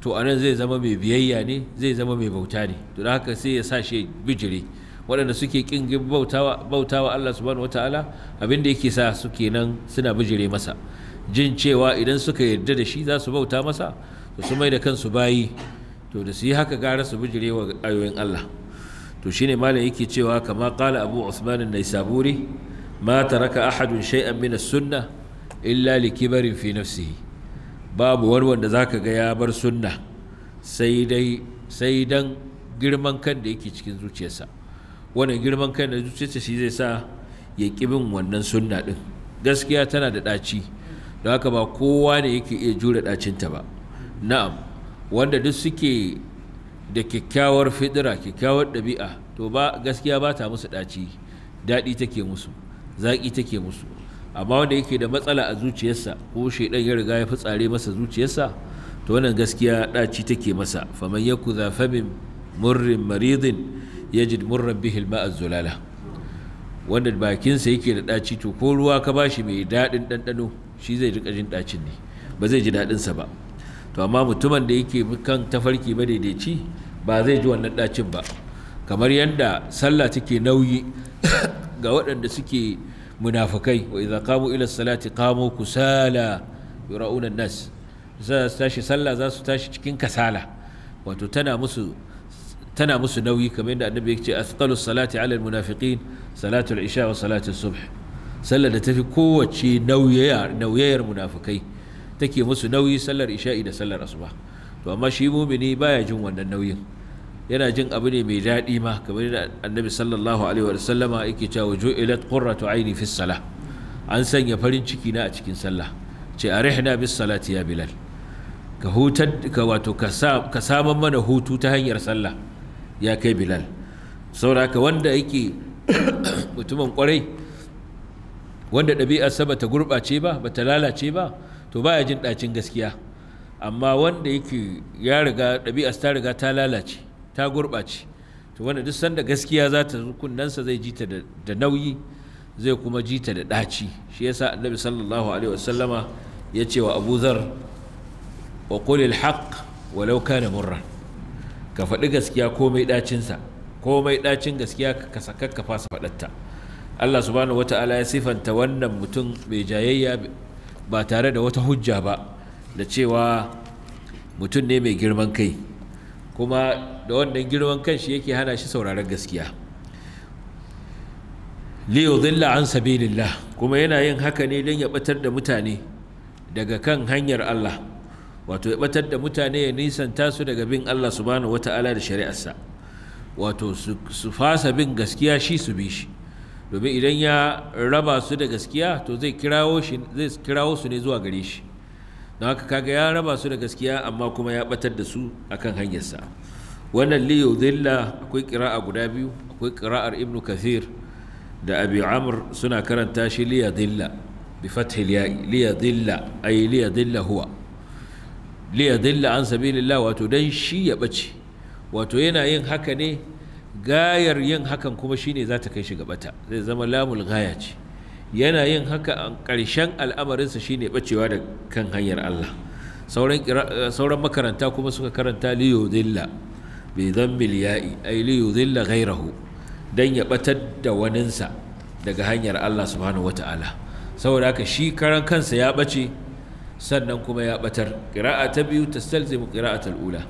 to a nan zai zama mai biyayya ne zai zama mai bauta ne to da haka sai ya sa shi bijiri waɗanda suke ƙin bautawa wa Allah subhanahu wataala abin da yake sa suke nan suna bijire masa jin cewa idan suka yarda da shi za su bauta masa to su mai da kansu bayi to da su yi haka gara su bijire wa ayoyin Allah to shine malam yake cewa kama qala abu usman an-naisaburi ma taraka ahadun shay'an min as-sunnah illa likibarin fi nafsihi babu wani wanda zaka ga ya bar sunna sai dai dan girman kan da yake cikin zuciyarsa wannan girman kan da zuciyarsa shi zai sa ya kibin wannan sunna din gaskiya tana da daci don haka ba kowa ne yake iya jure dacinta ba na'am wanda duk suke da kyakkyawar fidira kyakkyawar ɗabi'a to ba gaskiya ba ta musu ɗaci daɗi take musu zaƙi take musu amma wanda yake da matsala a zuciyarsa ko shaidan ya riga ya fi tsare masa zuciyarsa to wannan gaskiya ɗaci take masa faman yaku za famin murrin maridin ji murran bihil ma'a zulala wanda bakinsa yake da ɗaci to ko ruwa ka bashi mai daɗin ɗanɗano shi zai riƙa jin ɗacin ne ba zai ji daɗinsa ba to amma mutumin da yake kan tafarki madaidaici ba zai ji wannan ɗacin ba kamar yadda sallah take nauyi ga waɗanda suke munafukai wa idza qamu ila salati qamu kusala yura'una nas za su tashi sallah za su tashi cikin kasala wato tana musu tana musu nauyi kamar yadda annabi yake ce athqalu salati ala almunafiqin salatu al-isha wa salatu subh sallar da tafi kowace nauyayar munafukai take musu nauyi sallar isha'i da sallar asuba to amma shi mumini baya jin wannan nauyin yana jin abu ne mai daɗi ma kamar yadda annabi sallallahu alaihi wa sallama yake cewa ju'ilat qurratu aini fi salah an sanya farin ciki na a cikin sallah ce arihna bis salati ya bilal ka hutar ka wato ka saman mana hutu ta hanyar sallah ya kai bilal saboda wanda yake mutumin kwarai wanda ɗabi'a ba ta gurɓace ba ba ta lalace ba to baya jin ɗacin gaskiya amma wanda yake ya riga ɗabi'ar ta riga ta lalace ta gurɓace to wanda duk sanda gaskiya za ta kunnensa zai ji ta da nauyi zai kuma ji ta da ɗaci shi yasa annabi sallallahu alaihi wasallama ya ce wa abu zar wa haq wa lauka kana murran ka faɗi gaskiya komai ɗacinsa komai ɗacin gaskiya ka ka fasa faɗatta Allah subhanahu wata'ala ya sifanta wannan mutum mai jayayya ba tare da wata hujja ba da cewa mutum ne mai girman kai kuma da wannan girman kan shi yake hana shi sauraron gaskiya liyudilla an sabilillah kuma yana yin haka ne don ya batar da mutane daga kan hanyar Allah wato ya batar da mutane ya nisanta su daga bin Allah subhanahu wata'ala da shari'arsa wato su fasa bin gaskiya shi su bi shi domin idan ya raba su da gaskiya to zai kirawo su ne zuwa gare shi don haka kaga ya raba su da gaskiya amma kuma ya batar da su akan hanyarsa wannan liyu zilla akwai kira'a guda biyu akwai kira'ar ibnu kathir da abi amr suna karanta shi liya zilla bi fathil ya'i liya zilla ay liya zilla huwa liya zilla an sabilillah wato dan shi ya bace wato yana yin haka ne gayar yin hakan kuma shine za ta kai shi gabata zai zama lamul gaya ce yana yin haka a ƙarshen al'amarinsa shine bacewa da kan hanyar Allah eh, sauran makaranta kuma suka karanta liyudilla zan zammil ai ay liyudilla ghairahu dan ya batar da waninsa daga hanyar Allah subhanahu wata'ala saboda haka shi karan kansa ya bace sannan kuma ya batar qira'a ta biyu tastalzimu qira'atul ula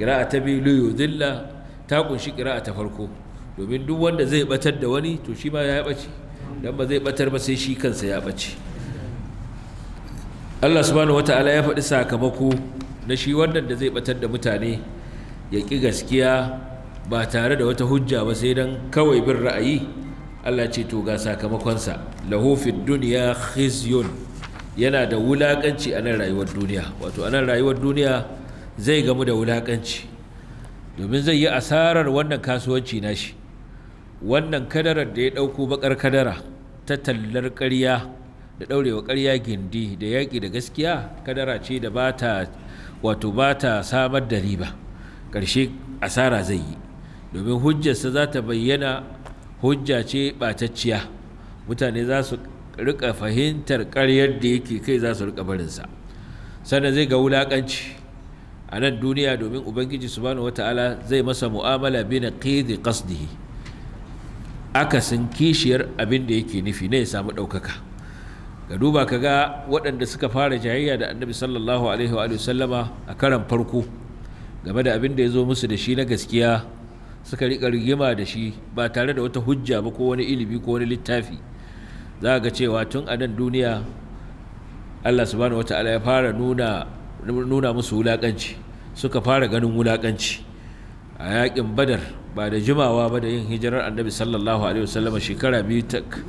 qira'a ta biyu liyudilla ta kunshi ƙira'a ta farko domin duk wanda zai batar da wani to shi ma ya ɓace dan ba zai batar ba sai shi kansa ya ɓace Allah subhanahu wata'ala ya faɗi sakamako na shi wannan da zai batar da mutane ya ƙi gaskiya ba tare da wata hujja ba sai dan kawai bin ra'ayi Allah ce to ga sakamakonsa lahu fid dunya khizyun yana da wulaƙanci a nan rayuwar duniya wato a nan rayuwar duniya zai gamu da wulaƙanci domin zai yi asarar wannan kasuwanci nashi wannan kadarar da ya ɗauko bakar kadara ta tallar karya da ɗaurewa ƙarya gindi da yaƙi da gaskiya kadara ce da ba ta wato ba ta samar da riba ƙarshe asara zai yi domin hujjarsa za ta bayyana hujja ce ɓatacciya mutane za su rika fahimtar ƙaryar da yake kai za su rika barinsa sannan zai ga wulaƙanci a nan duniya domin ubangiji subhanahu wata'ala zai masa mu'amala bina naqidi qasdihi akasin kishiyar abin da yake nufi ne ya samu ɗaukaka ka duba ka ga waɗanda suka fara jayayya da annabi sallallahu alaihi wa sallama a karan farko game da abin da ya zo musu da shi na gaskiya suka riƙa rigima da shi ba tare da wata hujja ba ko wani ilimi ko wani littafi za ga cewa tun a nan duniya Allah subhanahu wata'ala ya fara nuna nuna musu wulaƙanci suka fara ganin wulaƙanci a yaƙin badar ba da jimawa ba da yin hijirar annabi sallallahu alaihi wasallama shekara biyu tak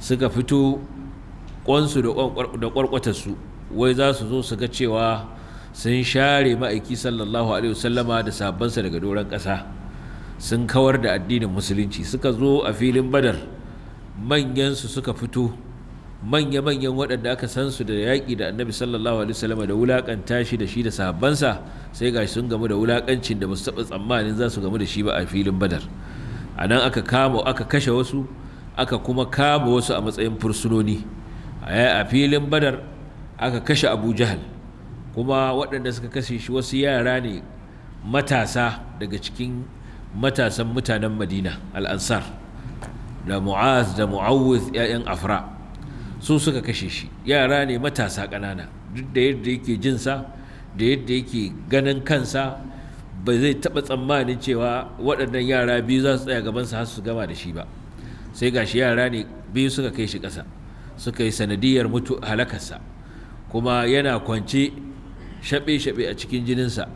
suka fito ƙwansu da ƙwarƙwatarsu wai za su zo su ga cewa sun share ma'aiki sallallahu alaihi wasallama da sabansa daga doron ƙasa sun kawar da addinin musulunci suka zo a filin badar manyansu suka fito manya-manyan waɗanda aka san su da yaƙi da annabi sallallahu alaihi wasallam da wulaƙanta shi da shi da sahabbansa sai ga sun gamu da wulaƙancin da ba su taɓa tsammanin za su gamu da shi ba a filin badar a nan aka kama aka kashe wasu aka kuma kama wasu a matsayin fursunoni a filin badar aka kashe abu jahal kuma waɗanda suka kashe shi wasu yara ne matasa daga cikin matasan mutanen madina al'ansar da mu'az da mu'awuz 'ya'yan afra' su suka kashe shi yara ne matasa ƙanana duk da yadda yake jinsa da yadda yake ganin kansa ba zai taɓa tsammanin cewa waɗannan yara biyu za su tsaya gabansa har su gama da shi ba sai gashi yara ne biyu suka kai shi ƙasa suka yi sanadiyar mutu halakarsa kuma yana kwance shaɓe-shaɓe a cikin jinin sa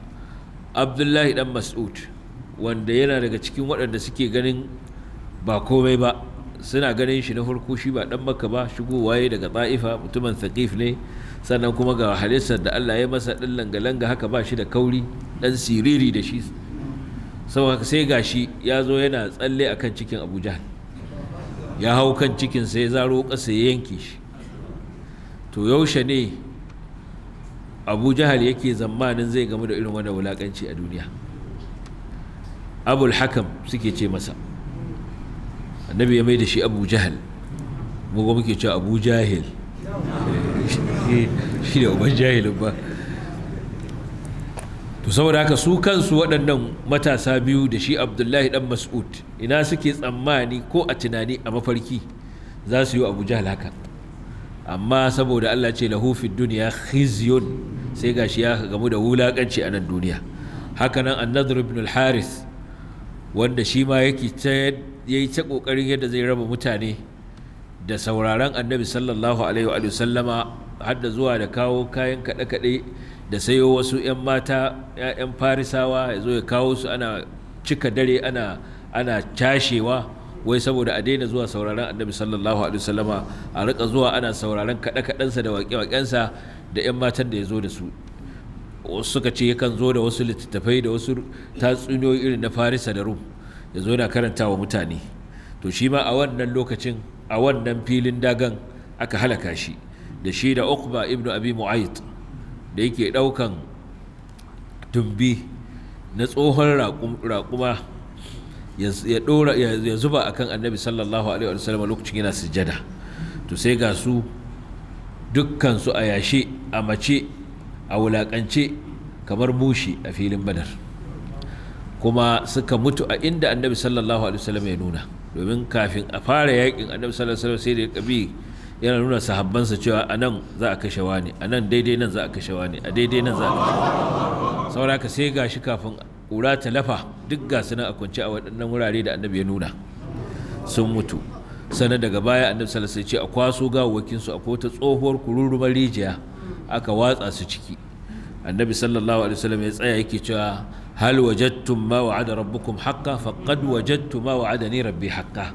abdullahi dan mas'ud wanda yana daga cikin waɗanda suke ganin ba komai ba suna ganin shi na farko shi ba dan makka ba shigowa ya daga ta'ifa mutumin thaqif ne sannan kuma ga halittar da Allah ya masa dan langa haka ba shi da kauri dan siriri da shi saboda sai gashi ya zo yana tsalle akan cikin Abu ya hau kan cikin sai zaro kasa ya yanke shi to yaushe ne Abu Jahl yake zamanin zai gamu da irin wannan wulakanci a duniya Abul Hakam suke ce masa annabi ya mai da shi abu jahal mugu muke cewa abu jahil eh, shi da uban jahilin ba to saboda haka su kansu waɗannan matasa biyu da shi abdullahi dan mas'ud ina suke tsammani ko a tunani a mafarki za su yi abu jahal haka amma saboda allah ce lahufin duniya khizyun sai gashi ya gamu da wulakanci a nan duniya hakanan annadar ibn al-haris wanda shi ma yake ta ya yi ta ƙoƙarin yadda zai raba mutane da sauraron annabi sallallahu alaihi wa sallama har da zuwa da kawo kayan kaɗe-kaɗe da sayo wasu 'yan mata 'ya'yan farisawa ya zo ya kawo su ana cika dare ana ana cashewa wai saboda a daina zuwa sauraron annabi sallallahu alaihi sallama a rika zuwa ana sauraron kaɗe-kaɗensa da waƙe-waƙensa da 'yan matan da ya zo da su wasu suka ce yakan zo da wasu littattafai da wasu tatsuniyoyi irin na farisa da rum ya zo yana karanta wa mutane to shi ma a wannan lokacin a wannan filin dagan aka halaka shi da shi da uqba ibnu abi mu'ayt da yake ɗaukan tumbi na tsohon raƙuma ya zuba ya zuba akan annabi sallallahu alaihi wasallam lokacin yana sujada to sai ga su dukkan a yashe a mace a wulakance kamar mushi a filin badar kuma suka mutu a inda annabi sallallahu alaihi wasallam ya nuna domin kafin a fara yakin annabi sallallahu alaihi wasallam sai da kabi yana nuna sahabbansa cewa a nan za a kashe wani a nan daidai nan za a kashe wani a daidai nan za a kashe saboda ka sai gashi kafin ƙura ta lafa duk ga suna nan a kwance a waɗannan wurare da annabi ya nuna sun mutu sannan daga baya annabi sallallahu alaihi wasallam ce a kwaso gawawwakin su a kota tsohuwar kururumar rijiya aka watsa su ciki annabi sallallahu alaihi wasallam ya tsaya yake cewa hal wajadtum ma wa'ada rabbukum haqqan faqad wajadtu ma wa'adani rabbi haqqan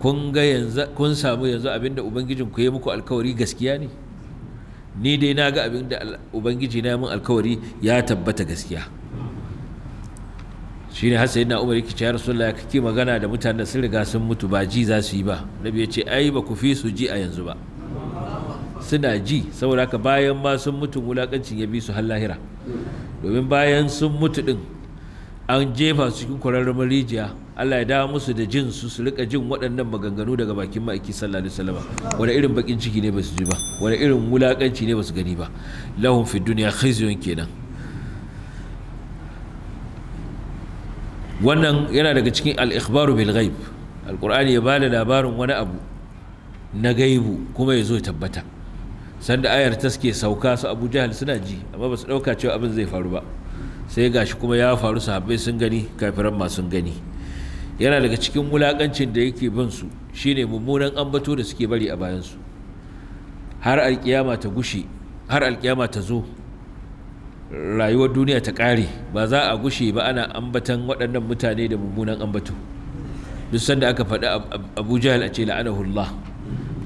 kun ga yanzu kun samu yanzu abinda ubangijin ku yi muku alkawari gaskiya ne ni dai na ga abinda ubangiji na mun alkawari ya tabbata gaskiya shine har sayyidina umar yake cewa rasulullah ya kike magana da mutanen sun riga sun mutu ba ji za su yi ba nabi ya ce ai ba ku fi su ji a yanzu ba suna ji saboda haka bayan ma sun mutu wulakancin ya bi su har lahira domin bayan sun mutu ɗin an jefa su cikin kwararren rijiya Allah ya dawo musu da jin su su rika jin waɗannan maganganu daga bakin ma'aiki sallallahu alaihi wasallam wani irin bakin ciki ne ba su ji ba wani irin wulakanci ne ba su gani ba lahum fi dunya khizyun kenan wannan yana daga cikin al-ikhbaru bil ghaib alqur'ani ya bada labarin wani abu na gaibu kuma ya zo tabbata sanda ayar ta suke sauka su abu jahal suna ji amma ba su ɗauka cewa abin zai faru ba sai gashi kuma ya faru sahabbai sun gani kafiran ma sun gani yana daga cikin wulakancin da yake bin su shine mummunan ambato da suke bari a bayan su har alkiyama ta gushe har alkiyama ta zo rayuwar duniya ta ƙare ba za a gushe ba ana ambatan waɗannan mutane da mummunan ambato duk sanda aka faɗi abu jahal a ce la'anahullah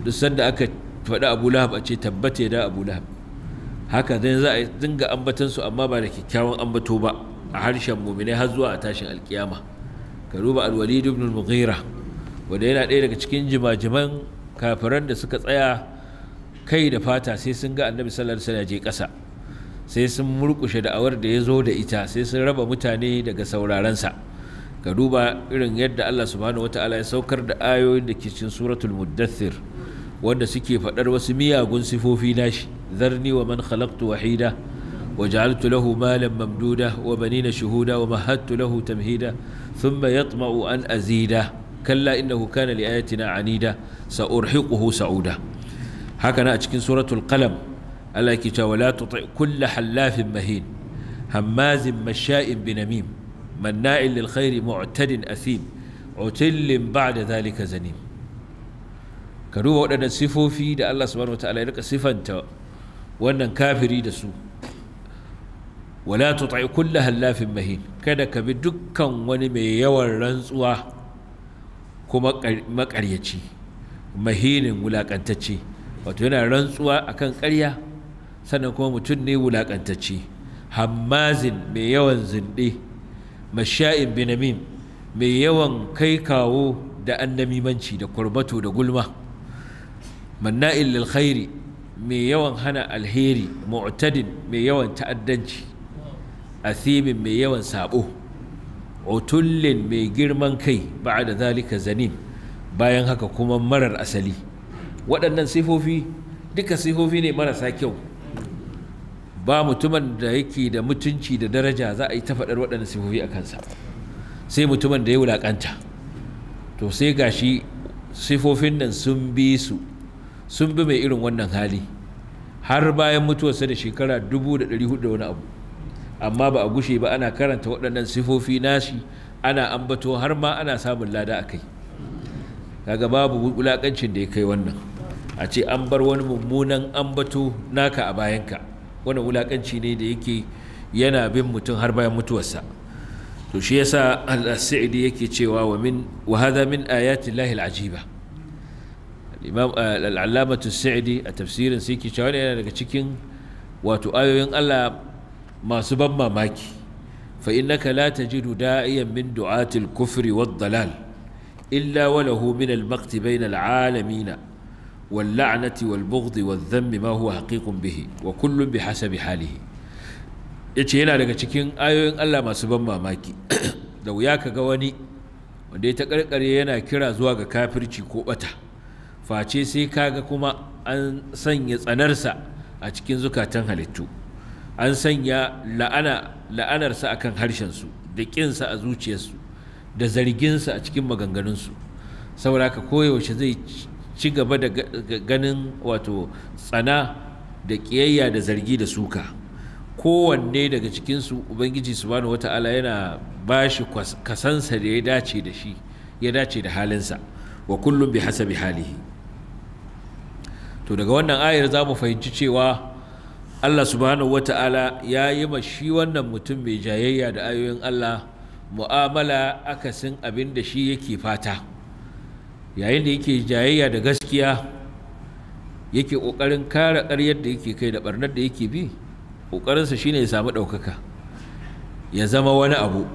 duk sanda aka faɗi abu lahab a ce tabbata ya da abu lahab haka zai za a dinga ambatansu amma ba da kyakkyawan ambato ba a harshen muminai har zuwa a tashin alkiyama ka duba alwalid ibn mughira wanda yana ɗaya daga cikin jimajiman kafiran da suka tsaya kai da fata sai sun ga annabi sallallahu alaihi wasallam je ƙasa sai sun murƙushe da'awar da ya zo da ita sai sun raba mutane daga saurarensa ka duba irin yadda Allah subhanahu wataala ya saukar da ayoyin da ke cikin suratul muddathir wanda suke faɗar wasu miyagun sifofi nashi zarni wa man khalaqtu wahida wa ja'altu lahu malan mamduda wa banina shuhuda wa mahattu lahu tamhida thumma yatma'u an azida kalla innahu kana li ayatina anida sa'urhiquhu sa'uda haka na a cikin suratul qalam Allah yake cewa la tuti kullu hallafin mahin hammazin masha'in binamim manna'in lil khairi mu'tadin asim utillin ba'da zalika zanim ka duba waɗannan sifofi da Allah subhanahu ta'ala ya rika sifanta wannan kafiri da su wala tuti kulla hallafin mahin kada ka bi dukkan wani mai yawan rantsuwa kuma maƙaryaci mahinin wulakantacce wato yana rantsuwa akan ƙarya sannan kuma mutum ne wulakantacce hammazin mai yawan zinɗe, masha'in binamin, mai yawan kai kawo da annamimanci da kurbato da gulma manna'il lil khairi mai yawan hana alheri mu'tadin mai yawan ta'addanci athimin mai yawan sabo utullin mai girman kai ba'da zalika zanin bayan haka kuma marar asali waɗannan sifofi duka sifofi ne marasa kyau ba mutumin da yake da mutunci da daraja za a yi ta faɗar waɗannan sifofi a kansa sai mutumin da ya wulakanta to sai gashi sifofin nan sun bi su sun bi mai irin wannan hali har bayan mutuwarsa da shekara dubu da hudu da wani abu amma ba a gushe ba ana karanta waɗannan sifofi nashi ana ambato har ma ana samun lada a kai kaga babu wulaƙancin da ya kai wannan a ce an bar wani mummunan ambato naka a bayanka wannan wulaƙanci ne da yake yana bin mutum har bayan mutuwarsa to shi yasa al-sa'idi yake cewa wa min wa hadha min ayati llahi al-ajiba imam eh, al'allamatu sa'idi a tafsirin sai cewa yana daga cikin wato ayoyin Allah masu ban mamaki fa innaka la tajidu da'iyan min du'atil kufri wad dalal illa wa lahu min al maqti bayna al alamin wal la'nati wal bughd wal dhamm ma huwa haqiqun bihi wa kullun bihasabi halihi yace yana daga cikin ayoyin Allah masu ban mamaki da wuya kaga wani wanda ya ta karkare yana kira zuwa ga kafirci ko bata face sai kaga kuma an sanya tsanarsa a cikin zukatan halittu an sanya la'ana la'anarsa akan harshensu da ƙinsa a zuciyarsu da zarginsa a cikin maganganunsu saboda haka koyaushe zai ci gaba da ganin wato tsana da ƙiyayya da zargi da suka kowanne daga cikinsu ubangiji subhanahu wata'ala yana ba shi kasansa da ya dace da shi ya dace da halinsa wa kullum bi hasabi halihi to daga wannan ayar za mu fahimci cewa Allah subhanahu ta'ala ya yi ma shi wannan mutum mai jayayya da ayoyin Allah mu'amala akasin abin da shi yake fata yayin da yake jayayya da gaskiya yake ƙoƙarin kare ƙaryar da yake kai da ɓarnar da yake bi ƙoƙarinsa shine ya samu ɗaukaka ya zama wani abu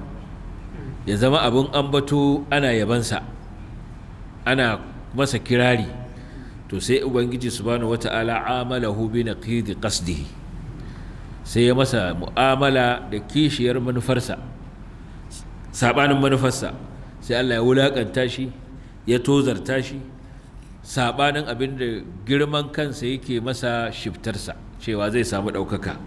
ya zama abin ambato ana yabansa ana masa kirari to sai ubangiji subhanahu wata'ala amalahu bi naqidi qasdihi sai ya masa mu'amala da kishiyar manufarsa sabanin manufarsa sai Allah ya wulakanta shi ya tozarta shi sabanin abin da girman kansa yake masa shiftarsa cewa zai samu ɗaukaka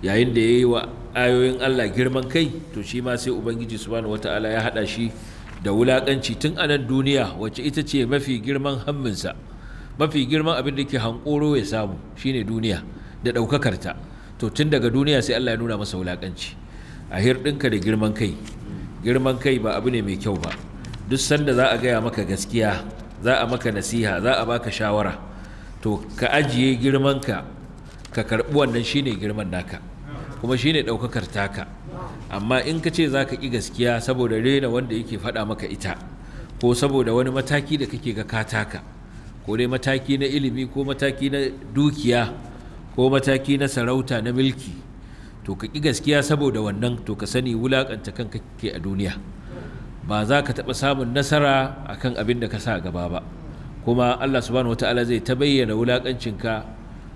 yayin da ya yi wa ayoyin Allah girman kai to shi ma sai ubangiji subhanahu wata'ala ya haɗa shi da wulakanci tun a nan duniya wacce ita ce mafi girman hamminsa mafi girman abin da ke hankoro ya samu shine duniya da ɗaukakarta to tun daga duniya sai Allah ya nuna masa wulakanci a hirɗinka da girman kai girman kai ba abu ne mai kyau ba duk sanda za a gaya maka gaskiya za a maka nasiha za a baka shawara to ka ajiye girman ka karbi wannan shine girman naka kuma shine ɗaukakar taka amma in ka ce za ka ƙi gaskiya saboda rena wanda yake faɗa maka ita ko saboda wani mataki da kake ga ka taka ko dai mataki na ilimi ko mataki na dukiya ko mataki na sarauta na milki to ka ƙi gaskiya saboda wannan to ka sani wulaƙanta kanka ke a duniya ba za ka taɓa samun nasara a kan abin da ka sa gaba ba kuma allah subhanahu wata'ala zai ta bayyana wulaƙancinka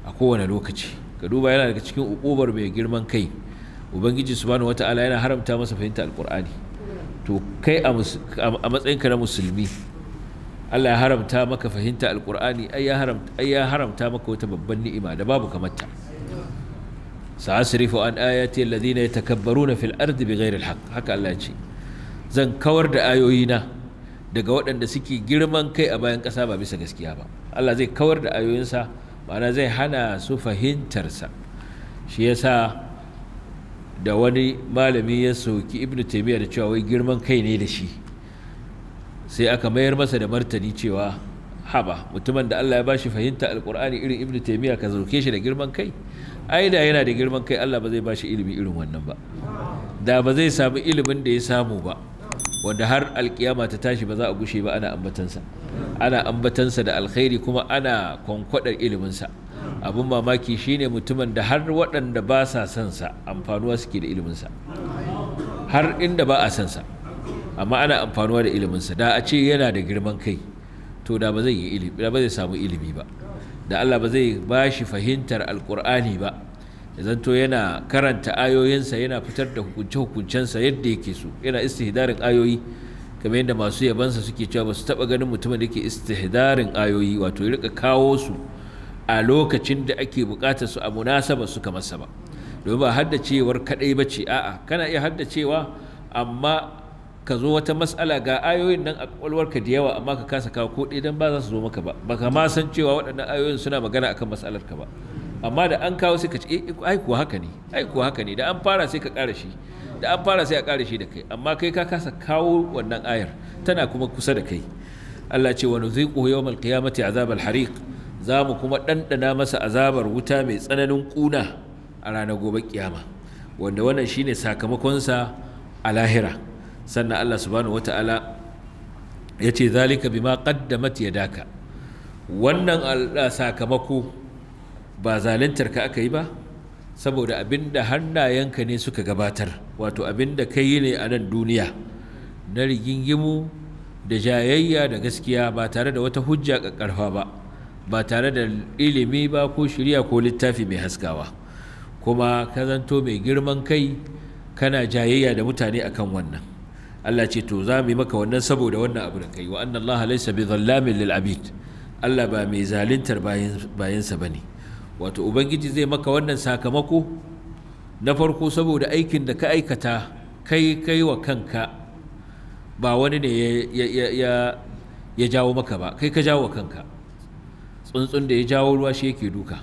a kowane lokaci ka duba yana daga cikin uƙubar mai girman kai ubangiji subhanahu wata'ala yana haramta masa fahimta alƙur'ani to kai a matsayinka na musulmi Allah ya haramta maka fahimta alkur'ani ai ya haramta maka wata babban ni'ima da babu kamar ta sa'asrifu an ayati alladhina yatakabbaruna fil ardi bighairi alhaq haka Allah ya ce zan kawar da ayoyina daga waɗanda suke girman kai a bayan ƙasa ba bisa gaskiya ba Allah zai kawar da ayoyinsa ma'ana zai hana su fahimtarsa shi yasa da wani malami ya soki ibnu taymiya da cewa wai girman kai ne da shi sai aka mayar masa da martani cewa haba mutumin da Allah ya ba bashi fahimta alkur'ani irin ibnu taymiya ka zoke shi da girman kai ai da yana da girman kai Allah ba zai shi ilimi irin wannan ba da ba zai samu ilimin da ya samu ba wanda har alkiyama ta tashi ba za a gushe ba ana ambatansa ana ambatansa da alkhairi kuma ana kwankwadar iliminsa abin mamaki shine mutumin da har waɗanda ba sa son sa amfanuwa suke da iliminsa har inda ba a son sa amma ana amfanuwa da iliminsa da a ce yana da girman kai to da ba zai samu ilimi ba da Allah ba zai ba shi fahimtar alkur'ani ba ya zanto yana karanta ayoyinsa yana fitar da hukunce hukuncensa yadda yake so yana istihdarin ayoyi kamar yadda masu yabansa suke cewa ba su taɓa ganin mutumin da ke istihdarin ayoyi wato ya rika kawo su a lokacin da ake buƙatar su a munasabar su kamar sa ba domin ba haddacewar kaɗai ba ce a'a kana iya haddacewa amma ka zo wata matsala ga ayoyin nan a kwakwalwarka da yawa amma ka kasa kawo ko ɗaya ba za su zo maka ba baka ma san cewa waɗannan ayoyin suna magana akan matsalar ka ba amma da an kawo sai ka ce eh, eh, ai kuwa haka ne ai kuwa haka ne da an fara sai ka ƙara shi da an fara sai a ƙara shi da kai amma kai ka kasa kawo wannan ayar tana kuma kusa da kai Allah ce wa nuziqu yawmal qiyamati azabal hariq za mu kuma ɗanɗana masa azabar wuta mai tsananin ƙuna a ranar gobe kiyama wanda wannan shine sakamakonsa a lahira sannan Allah subhanahu wata'ala ya ce zalika bima qaddamat yadaka wannan sakamako ba zaluntar ka aka yi ba saboda abinda hannayenka ne suka gabatar wato abinda ka yi ne a nan duniya na rigingimu da jayayya da gaskiya ba tare da wata hujja ƙarfa ba ba tare da ilimi ba ko shirya ko littafi mai haskawa kuma kazanto mai girman kai kana jayayya da mutane akan wannan Allah ce to za mu yi maka wannan saboda wannan abu da kai wa anna Allah laysa bi dhallamin lil abid Allah ba mai zaluntar bayansa ba ne wato ubangiji zai maka wannan sakamako na farko saboda aikin da ka aikata kai kai wa kanka ba wani ne ya jawo maka ba kai ka jawo wa kanka tsuntsun da ya jawo ruwa shi yake duka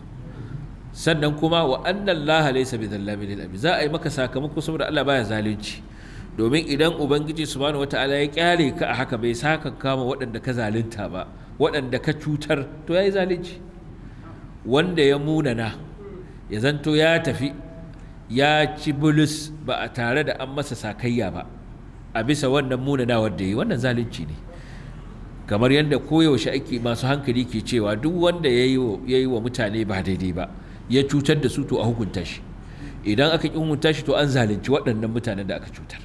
sannan kuma wa annan laha laysa bi dhallamin lil abid za a yi maka sakamako saboda Allah baya zalunci domin idan ubangiji subhanahu wata'ala ya kyale ka a haka bai saka kama waɗanda ka zalunta ba waɗanda ka cutar to yayi zalunci wanda ya munana ya zanto ya tafi ya ci bulus ba a tare da an masa sakayya ba a bisa wannan munana wanda yi wannan zalunci ne kamar yadda koyaushe ake masu hankali ke cewa duk wanda ya yi wa mutane ba daidai ba ya cutar da su to a hukunta shi idan aka ƙi hukunta shi to an zalunci waɗannan mutanen da aka cutar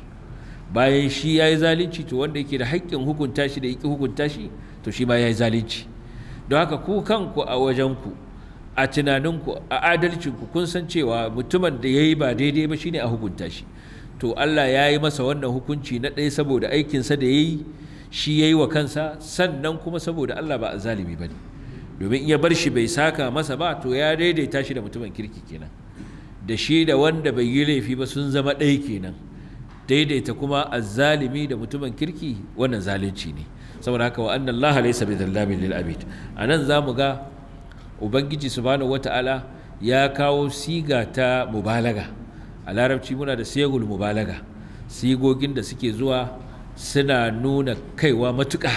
bayan shi ya yi zalunci to wanda yake da haƙƙin hukunta shi da yake hukunta shi to shi ma ya yi zalunci don haka ku kanku a wajenku a tunaninku a adalcinku kun san cewa mutumin da ya yi ba daidai ba shi ne a hukunta shi to Allah ya yi masa wannan hukunci na ɗaya saboda aikinsa da ya yi shi ya yi wa kansa sannan kuma saboda Allah ba a zalimi ba ne domin ya bar shi bai saka masa ba to ya daidaita shi da mutumin kirki kenan da shi da wanda bai yi laifi ba sun zama ɗaya kenan daidaita kuma azzalimi da mutumin kirki wannan zalunci ne saboda haka wa annan Allah laysa bidhallamin lil abid anan zamu ga ubangiji subhanahu wata'ala ya kawo siga ta mubalaga a larabci muna da sigul mubalaga sigogin da suke zuwa suna nuna kaiwa matuka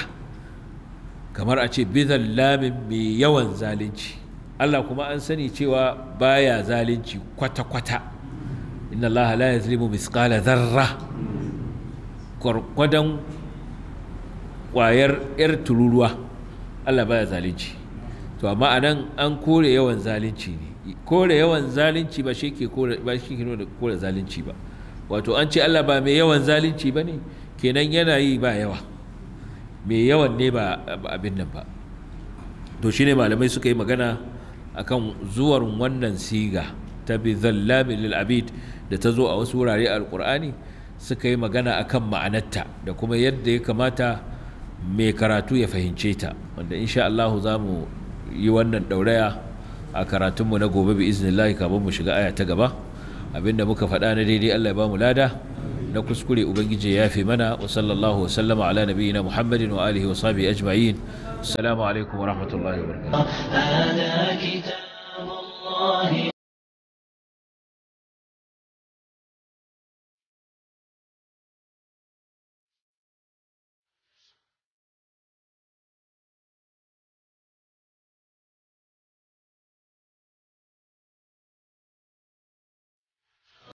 kamar a ce lamin mai yawan zalunci Allah kuma an sani cewa baya zalunci kwata-kwata inna allaha la yazlimu misqala zarra gwargwadon kwayar yar tururuwa Allah baya zalunci to amma anan an kore yawan zalunci ne kore yawan zalunci ba shi ke kore ba shi ke kore zalunci ba wato an ce Allah ba mai yawan zalunci ba ne kenan yana yi ba yawa mai yawan ne ba abin nan ba to shine malamai suka yi magana akan zuwar wannan siga ta bi zallami lil abid da ta zo a wasu wurare a alkur'ani suka yi magana akan ma'anarta da kuma yadda ya kamata mai karatu ya fahimce ta wanda insha Allah za mu yi wannan ɗauraya a karatunmu na gobe bi iznillahi kafin mu shiga aya ta gaba abinda muka faɗa na daidai Allah ya ba mu lada na kuskure ubangiji ya fi mana wa sallallahu wasallama ala nabiyina muhammadin wa alihi wa sahbihi ajma'in assalamu alaikum wa rahmatullahi wa